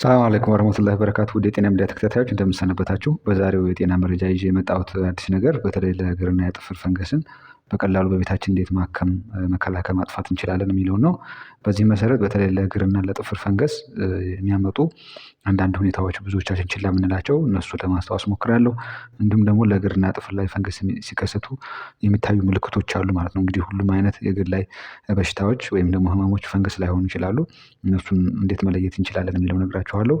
ሰላም አለይኩም ወረመቱላ በረካቱ። ወደ የጤና ሚዲያ ተከታታዮች እንደምሰነበታችሁ። በዛሬው የጤና መረጃ ይዤ የመጣሁት አዲስ ነገር በተለይ ለእግርና የጥፍር ፈንገስን በቀላሉ በቤታችን እንዴት ማከም፣ መከላከል፣ ማጥፋት እንችላለን የሚለውን ነው። በዚህ መሰረት በተለይ ለእግርና ለጥፍር ፈንገስ የሚያመጡ አንዳንድ ሁኔታዎች ብዙዎቻችን ችላ የምንላቸው እነሱ ለማስታወስ ሞክራለሁ። እንዲሁም ደግሞ ለእግርና ጥፍር ላይ ፈንገስ ሲከሰቱ የሚታዩ ምልክቶች አሉ ማለት ነው። እንግዲህ ሁሉም አይነት የእግር ላይ በሽታዎች ወይም ደግሞ ህመሞች ፈንገስ ላይሆኑ ይችላሉ። እነሱን እንዴት መለየት እንችላለን የሚለው እነግራችኋለሁ።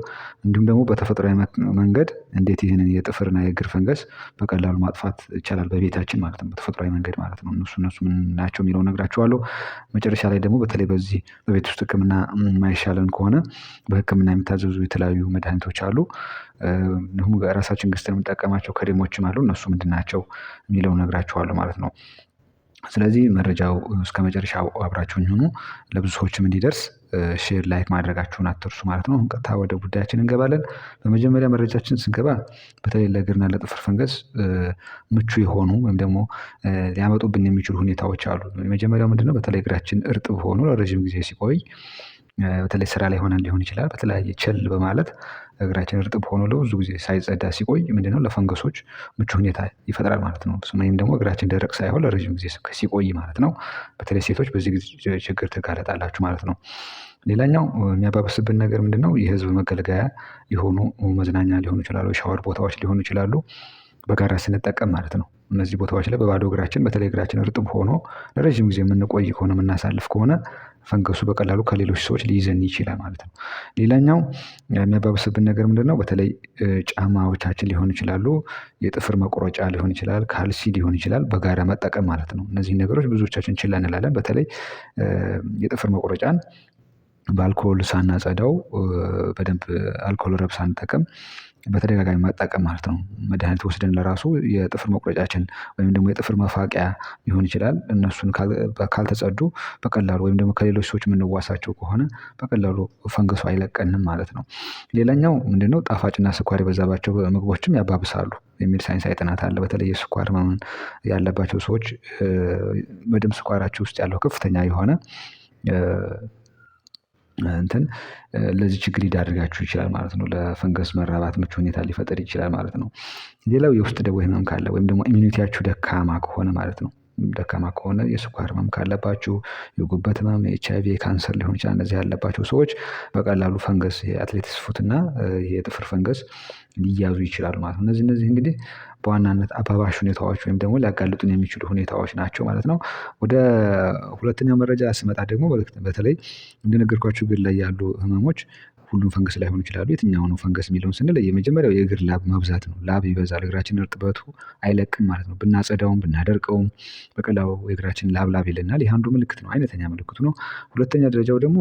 እንዲሁም ደግሞ በተፈጥሯዊ መንገድ እንዴት ይህንን የጥፍርና የእግር ፈንገስ በቀላሉ ማጥፋት ይቻላል በቤታችን ማለት ነው። በተፈጥሮአዊ መንገድ ማለት ነው። እነሱ እነሱ ምን ናቸው የሚለው እነግራችኋለሁ። መጨረሻ ላይ ደግሞ በተለይ በዚህ በቤት ውስጥ ህክምና የማይሻለን ከሆነ በህክምና የሚታዘዙ የተለያዩ የተለያዩ መድኃኒቶች አሉ። እንዲሁም ራሳችን ገዝተን የምንጠቀማቸው ክሬሞችም አሉ። እነሱ ምንድን ናቸው የሚለውን ማለት ነው። ስለዚህ መረጃው እስከ መጨረሻ አብራችሁኝ ሁኑ። ለብዙ ሰዎችም እንዲደርስ ሼር፣ ላይክ ማድረጋችሁን አትርሱ ማለት ነው። ቀጥታ ወደ ጉዳያችን እንገባለን። በመጀመሪያ መረጃችን ስንገባ በተለይ ለእግርና ለጥፍር ፈንገስ ምቹ የሆኑ ወይም ደግሞ ሊያመጡብን የሚችሉ ሁኔታዎች አሉ። የመጀመሪያው ምንድነው? በተለይ እግራችን እርጥብ ሆኖ ለረዥም ጊዜ ሲቆይ በተለይ ስራ ላይ ሆነን ሊሆን ይችላል በተለያየ ቸል በማለት እግራችን እርጥብ ሆኖ ለብዙ ጊዜ ሳይጸዳ ሲቆይ ምንድነው ለፈንገሶች ምቹ ሁኔታ ይፈጥራል ማለት ነው። ወይም ደግሞ እግራችን ደረቅ ሳይሆን ለረጅም ጊዜ ሲቆይ ማለት ነው። በተለይ ሴቶች በዚህ ችግር ትጋለጣላችሁ ማለት ነው። ሌላኛው የሚያባብስብን ነገር ምንድነው? የህዝብ መገልገያ የሆኑ መዝናኛ ሊሆኑ ይችላሉ ሻወር ቦታዎች ሊሆኑ ይችላሉ። በጋራ ስንጠቀም ማለት ነው እነዚህ ቦታዎች ላይ በባዶ እግራችን በተለይ እግራችን እርጥብ ሆኖ ለረጅም ጊዜ የምንቆይ ከሆነ የምናሳልፍ ከሆነ ፈንገሱ በቀላሉ ከሌሎች ሰዎች ሊይዘን ይችላል ማለት ነው። ሌላኛው የሚያባብስብን ነገር ምንድን ነው? በተለይ ጫማዎቻችን ሊሆን ይችላሉ፣ የጥፍር መቁረጫ ሊሆን ይችላል፣ ካልሲ ሊሆን ይችላል። በጋራ መጠቀም ማለት ነው። እነዚህ ነገሮች ብዙዎቻችን ችላ እንላለን። በተለይ የጥፍር መቁረጫን በአልኮል ሳናጸዳው በደንብ አልኮል ረብ ሳንጠቀም በተደጋጋሚ መጠቀም ማለት ነው። መድኃኒት ወስደን ለራሱ የጥፍር መቁረጫችን ወይም ደግሞ የጥፍር መፋቂያ ሊሆን ይችላል እነሱን ካልተጸዱ በቀላሉ ወይም ደግሞ ከሌሎች ሰዎች የምንዋሳቸው ከሆነ በቀላሉ ፈንገሱ አይለቀንም ማለት ነው። ሌላኛው ምንድነው? ጣፋጭና ስኳር የበዛባቸው ምግቦችም ያባብሳሉ የሚል ሳይንሳዊ ጥናት አለ። በተለይ የስኳር ህመም ያለባቸው ሰዎች በደም ስኳራቸው ውስጥ ያለው ከፍተኛ የሆነ እንትን ለዚህ ችግር ሊዳርጋችሁ ይችላል ማለት ነው። ለፈንገስ መራባት ምቹ ሁኔታ ሊፈጠር ይችላል ማለት ነው። ሌላው የውስጥ ደዌ ህመም ካለ ወይም ደግሞ ኢሚኒቲያችሁ ደካማ ከሆነ ማለት ነው። ደካማ ከሆነ የስኳር ህመም ካለባችሁ፣ የጉበት ህመም፣ የኤች አይቪ፣ የካንሰር ሊሆን ይችላል። እነዚህ ያለባቸው ሰዎች በቀላሉ ፈንገስ የአትሌቲክስ ፉት እና የጥፍር ፈንገስ ሊያዙ ይችላሉ ማለት ነው። እነዚህ እነዚህ እንግዲህ በዋናነት አባባሽ ሁኔታዎች ወይም ደግሞ ሊያጋልጡን የሚችሉ ሁኔታዎች ናቸው ማለት ነው። ወደ ሁለተኛው መረጃ ስመጣ ደግሞ በተለይ እንደነገርኳችሁ እግር ላይ ያሉ ህመሞች ሁሉም ፈንገስ ላይሆኑ ይችላሉ። የትኛው ነው ፈንገስ የሚለውን ስንል የመጀመሪያው የእግር ላብ መብዛት ነው። ላብ ይበዛል እግራችን እርጥበቱ አይለቅም ማለት ነው። ብናጸዳውም ብናደርቀውም በቀላሉ የእግራችን ላብ ላብ ይልናል ይህ አንዱ ምልክት ነው አይነተኛ ምልክቱ ነው። ሁለተኛ ደረጃው ደግሞ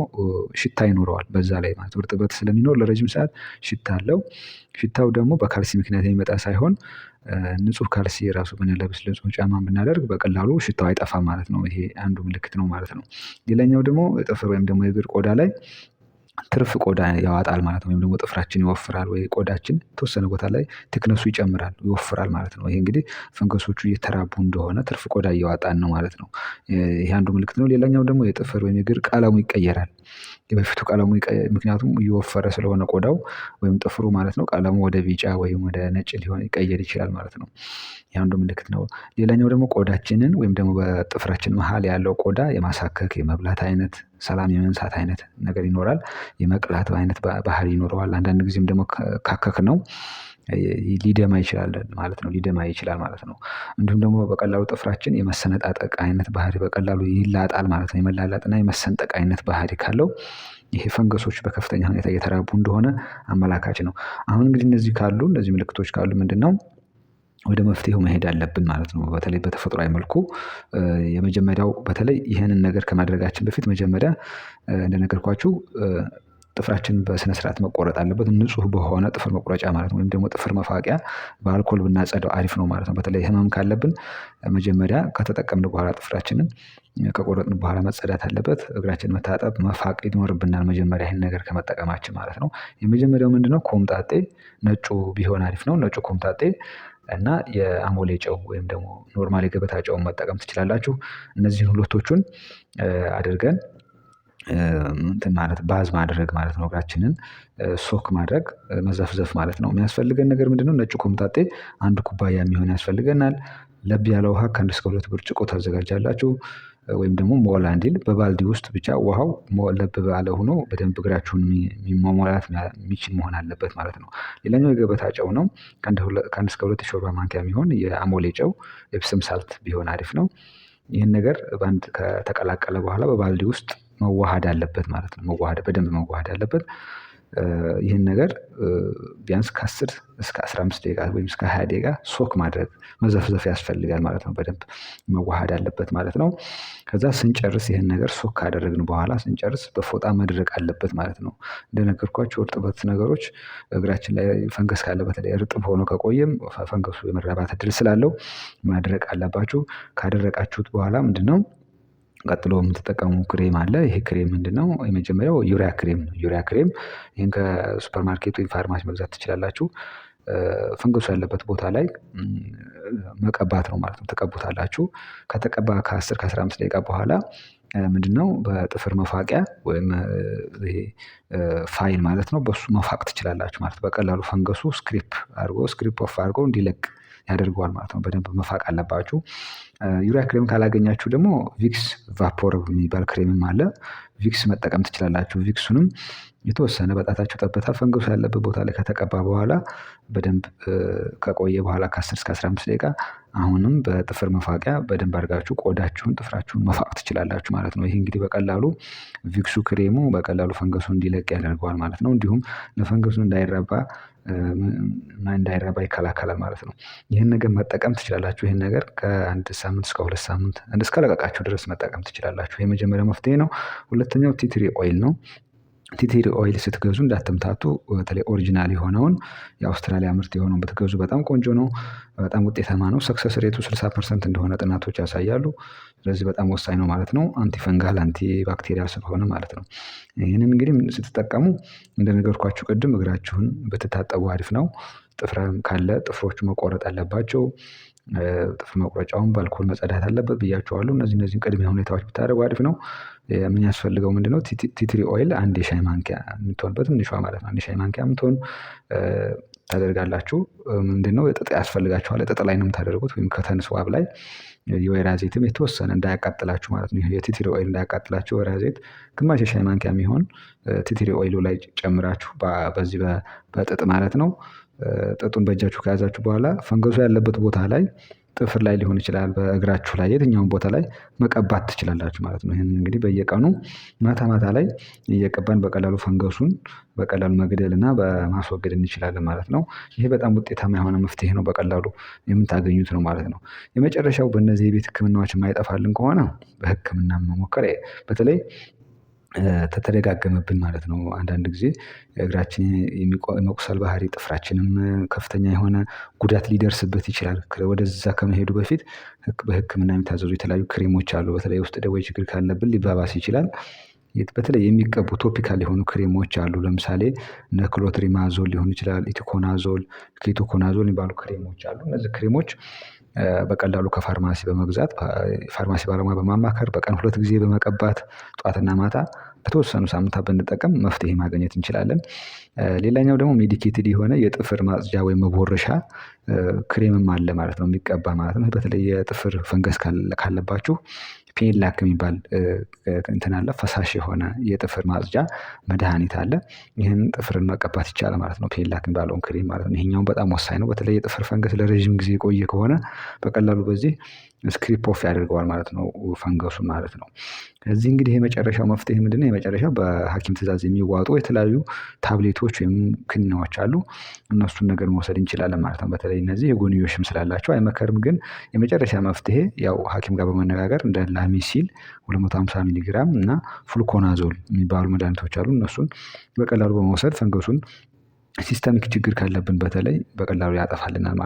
ሽታ ይኖረዋል በዛ ላይ ማለት እርጥበት ስለሚኖር ለረጅም ሰዓት ሽታ አለው። ሽታው ደግሞ በካልሲ ምክንያት የሚመጣ ሳይሆን ንጹህ ካልሲ ራሱ ብንለብስ ንጹህ ጫማ ብናደርግ በቀላሉ ሽታው አይጠፋም ማለት ነው። ይሄ አንዱ ምልክት ነው ማለት ነው። ሌላኛው ደግሞ ጥፍር ወይም ደግሞ የእግር ቆዳ ላይ ትርፍ ቆዳ ያዋጣል ማለት ነው። ወይም ደግሞ ጥፍራችን ይወፍራል ወይ ቆዳችን የተወሰነ ቦታ ላይ ቴክነሱ ይጨምራል ይወፍራል ማለት ነው። ይሄ እንግዲህ ፈንገሶቹ እየተራቡ እንደሆነ ትርፍ ቆዳ እያዋጣን ነው ማለት ነው። ይሄ አንዱ ምልክት ነው። ሌላኛው ደግሞ የጥፍር ወይም የእግር ቀለሙ ይቀየራል። የበፊቱ ቀለሙ ምክንያቱም እየወፈረ ስለሆነ ቆዳው ወይም ጥፍሩ ማለት ነው ቀለሙ ወደ ቢጫ ወይም ወደ ነጭ ሊሆን ሊቀየር ይችላል ማለት ነው። ይህ አንዱ ምልክት ነው። ሌላኛው ደግሞ ቆዳችንን ወይም ደግሞ በጥፍራችን መሀል ያለው ቆዳ የማሳከክ የመብላት አይነት ሰላም የመንሳት አይነት ነገር ይኖራል። የመቅላት አይነት ባህሪ ይኖረዋል። አንዳንድ ጊዜም ደግሞ ነው ሊደማ ይችላል ማለት ነው። ሊደማ ይችላል ማለት ነው። እንዲሁም ደግሞ በቀላሉ ጥፍራችን የመሰነጣጠቅ አይነት ባህሪ በቀላሉ ይላጣል ማለት ነው። የመላላጥ የመሰንጠቅ አይነት ባህሪ ካለው ይሄ ፈንገሶች በከፍተኛ ሁኔታ እየተራቡ እንደሆነ አመላካች ነው። አሁን እንግዲህ እነዚህ ካሉ እነዚህ ምልክቶች ካሉ ምንድነው ወደ መፍትሄው መሄድ አለብን ማለት ነው። በተለይ በተፈጥሯዊ መልኩ የመጀመሪያው በተለይ ይህንን ነገር ከማድረጋችን በፊት መጀመሪያ እንደነገርኳችሁ ጥፍራችን በስነስርዓት መቆረጥ አለበት። ንጹህ በሆነ ጥፍር መቁረጫ ማለት ነው። ወይም ደግሞ ጥፍር መፋቂያ በአልኮል ብናጸደው አሪፍ ነው ማለት ነው። በተለይ ህመም ካለብን መጀመሪያ ከተጠቀምን በኋላ ጥፍራችንን ከቆረጥን በኋላ መጸዳት አለበት። እግራችን መታጠብ መፋቅ ይኖርብናል። መጀመሪያ ይህን ነገር ከመጠቀማችን ማለት ነው። የመጀመሪያው ምንድነው? ኮምጣጤ ነጩ ቢሆን አሪፍ ነው። ነጩ ኮምጣጤ እና የአሞሌ ጨው ወይም ደግሞ ኖርማል የገበታ ጨውን መጠቀም ትችላላችሁ። እነዚህን ሁለቶቹን አድርገን እንትን ማለት ባዝ ማድረግ ማለት ነው። እግራችንን ሶክ ማድረግ መዘፍዘፍ ማለት ነው። የሚያስፈልገን ነገር ምንድነው? ነጭ ኮምጣጤ አንድ ኩባያ የሚሆን ያስፈልገናል። ለብ ያለ ውሃ ከአንድ እስከ ሁለት ብርጭቆ ታዘጋጃላችሁ ወይም ደግሞ ሞላ እንዲል በባልዲ ውስጥ ብቻ ውሃው ለብ ባለ ሆኖ በደንብ እግራችሁን መሞላት የሚችል መሆን አለበት ማለት ነው። ሌላኛው የገበታ ጨው ነው። ከአንድ እስከ ሁለት ሾርባ ማንኪያ የሚሆን የአሞሌ ጨው ኤፕሰም ሳልት ቢሆን አሪፍ ነው። ይህን ነገር በአንድ ከተቀላቀለ በኋላ በባልዲ ውስጥ መዋሃድ አለበት ማለት ነው። መዋሃድ በደንብ መዋሃድ አለበት ይህን ነገር ቢያንስ ከ10 እስከ 15 ደቂቃ ወይም እስከ ሃያ ደቂቃ ሶክ ማድረግ መዘፍዘፍ ያስፈልጋል ማለት ነው። በደንብ መዋሃድ አለበት ማለት ነው። ከዛ ስንጨርስ ይህን ነገር ሶክ ካደረግን በኋላ ስንጨርስ በፎጣ መድረቅ አለበት ማለት ነው። እንደነገርኳቸው እርጥበት ነገሮች እግራችን ላይ ፈንገስ ካለ በተለይ እርጥብ ሆኖ ከቆየም ፈንገሱ የመራባት እድል ስላለው ማድረቅ አለባችሁ። ካደረቃችሁት በኋላ ምንድነው ቀጥሎ የምትጠቀሙ ክሬም አለ። ይሄ ክሬም ምንድነው? የመጀመሪያው ዩሪያ ክሬም ነው። ዩሪያ ክሬም ይህን ከሱፐር ማርኬት ወይም ፋርማሲ መግዛት ትችላላችሁ። ፈንገሱ ያለበት ቦታ ላይ መቀባት ነው ማለት ነው። ትቀቡታላችሁ ከተቀባ ከ ከ10 ከ15 ደቂቃ በኋላ ምንድነው በጥፍር መፋቂያ ወይም ይሄ ፋይል ማለት ነው በሱ መፋቅ ትችላላችሁ ማለት በቀላሉ ፈንገሱ ስክሪፕ አድርጎ ስክሪፕ ኦፍ አድርጎ እንዲለቅ ያደርገዋል ማለት ነው። በደንብ መፋቅ አለባችሁ። ዩሪያ ክሬም ካላገኛችሁ ደግሞ ቪክስ ቫፖር የሚባል ክሬምም አለ። ቪክስ መጠቀም ትችላላችሁ። ቪክሱንም የተወሰነ በጣታችሁ ጠብታ ፈንገሱ ያለበት ቦታ ላይ ከተቀባ በኋላ በደንብ ከቆየ በኋላ ከ10 እስከ 15 ደቂቃ አሁንም በጥፍር መፋቂያ በደንብ አድርጋችሁ ቆዳችሁን፣ ጥፍራችሁን መፋቅ ትችላላችሁ ማለት ነው። ይህ እንግዲህ በቀላሉ ቪክሱ ክሬሙ በቀላሉ ፈንገሱ እንዲለቅ ያደርገዋል ማለት ነው። እንዲሁም ለፈንገሱ እንዳይረባ እንዳይረባ ይከላከላል ማለት ነው። ይህን ነገር መጠቀም ትችላላችሁ። ይህን ነገር ከአንድ ሳምንት እስከ ሁለት ሳምንት እስከ ለቀቃችሁ ድረስ መጠቀም ትችላላችሁ። የመጀመሪያው መፍትሄ ነው። ሁለተኛው ቲትሪ ኦይል ነው ቲቲር ኦይል ስትገዙ እንዳትምታቱ። በተለይ ኦሪጂናል የሆነውን የአውስትራሊያ ምርት የሆነውን ብትገዙ በጣም ቆንጆ ነው፣ በጣም ውጤታማ ነው። ሰክሰስ ሬቱ 60 ፐርሰንት እንደሆነ ጥናቶች ያሳያሉ። ስለዚህ በጣም ወሳኝ ነው ማለት ነው። አንቲፈንጋል አንቲባክቴሪያል ስለሆነ ማለት ነው። ይህንን እንግዲህ ስትጠቀሙ እንደነገርኳችሁ ቅድም እግራችሁን ብትታጠቡ አሪፍ ነው። ጥፍርም ካለ ጥፍሮቹ መቆረጥ አለባቸው። ጥፍር መቁረጫውን በአልኮል መጸዳት አለበት ብያቸዋለሁ። እነዚህ እነዚህን ቅድሚያ ሁኔታዎች ብታደርጉ አሪፍ ነው። የሚያስፈልገው ምንድነው? ቲትሪ ኦይል አንድ የሻይ ማንኪያ የምትሆን በትንሿ ማለት ነው አንድ የሻይ ማንኪያ የምትሆን ታደርጋላችሁ። ምንድነው ጥጥ ያስፈልጋችኋል ጥጥ ላይ ነው የምታደርጉት ወይም ከተንስ ዋብ ላይ የወይራ ዘይትም የተወሰነ እንዳያቃጥላችሁ ማለት ነው። የቲትሪ ኦይል እንዳያቃጥላችሁ ወይራ ዘይት ግማሽ የሻይ ማንኪያ የሚሆን ቲትሪ ኦይሉ ላይ ጨምራችሁ በዚህ በጥጥ ማለት ነው። ጥጡን በእጃችሁ ከያዛችሁ በኋላ ፈንገሱ ያለበት ቦታ ላይ ጥፍር ላይ ሊሆን ይችላል በእግራችሁ ላይ የትኛውም ቦታ ላይ መቀባት ትችላላችሁ ማለት ነው። ይህን እንግዲህ በየቀኑ ማታ ማታ ላይ እየቀባን በቀላሉ ፈንገሱን በቀላሉ መግደል እና በማስወገድ እንችላለን ማለት ነው። ይሄ በጣም ውጤታማ የሆነ መፍትሄ ነው በቀላሉ የምታገኙት ነው ማለት ነው። የመጨረሻው በእነዚህ የቤት ህክምናዎች የማይጠፋልን ከሆነ በህክምና መሞከር በተለይ ተተደጋገመብን ማለት ነው። አንዳንድ ጊዜ እግራችን የመቁሰል ባህሪ ጥፍራችንም ከፍተኛ የሆነ ጉዳት ሊደርስበት ይችላል። ወደዛ ከመሄዱ በፊት በህክምና የሚታዘዙ የተለያዩ ክሬሞች አሉ በተለይ ውስጥ ደዌ ችግር ካለብን ሊባባስ ይችላል። በተለይ የሚቀቡ ቶፒካል የሆኑ ክሬሞች አሉ ለምሳሌ እነ ክሎትሪማዞል ሊሆን ይችላል ኢቲኮናዞል ኬቶኮናዞል የሚባሉ ክሬሞች አሉ እነዚህ ክሬሞች በቀላሉ ከፋርማሲ በመግዛት ፋርማሲ ባለሙያ በማማከር በቀን ሁለት ጊዜ በመቀባት ጠዋትና ማታ በተወሰኑ ሳምንታት ብንጠቀም መፍትሄ ማግኘት እንችላለን። ሌላኛው ደግሞ ሜዲኬትድ የሆነ የጥፍር ማጽጃ ወይም መቦረሻ ክሬምም አለ ማለት ነው የሚቀባ ማለት ነው። በተለይ የጥፍር ፈንገስ ካለባችሁ ፔንላክ ላክ የሚባል እንትን አለ ፈሳሽ የሆነ የጥፍር ማጽጃ መድሃኒት አለ። ይህን ጥፍርን መቀባት ይቻላል ማለት ነው። ፔን ላክ የሚባለውን ክሬም ማለት ነው። ይሄኛውን በጣም ወሳኝ ነው። በተለይ የጥፍር ፈንገስ ለረጅም ጊዜ የቆየ ከሆነ በቀላሉ በዚህ ስክሪፕ ኦፍ ያደርገዋል ማለት ነው፣ ፈንገሱ ማለት ነው። ከዚህ እንግዲህ የመጨረሻው መፍትሄ ምንድነው? የመጨረሻው በሐኪም ትእዛዝ የሚዋጡ የተለያዩ ታብሌቶች ወይም ክኒናዎች አሉ። እነሱን ነገር መውሰድ እንችላለን ማለት ነው። በተለይ እነዚህ የጎንዮሽም ስላላቸው አይመከርም። ግን የመጨረሻ መፍትሄ ያው ሐኪም ጋር በመነጋገር እንደ ላሚሲል 250 ሚሊግራም እና ፉልኮናዞል የሚባሉ መድኃኒቶች አሉ። እነሱን በቀላሉ በመውሰድ ፈንገሱን ሲስተሚክ ችግር ካለብን በተለይ በቀላሉ ያጠፋልናል ማለት ነው።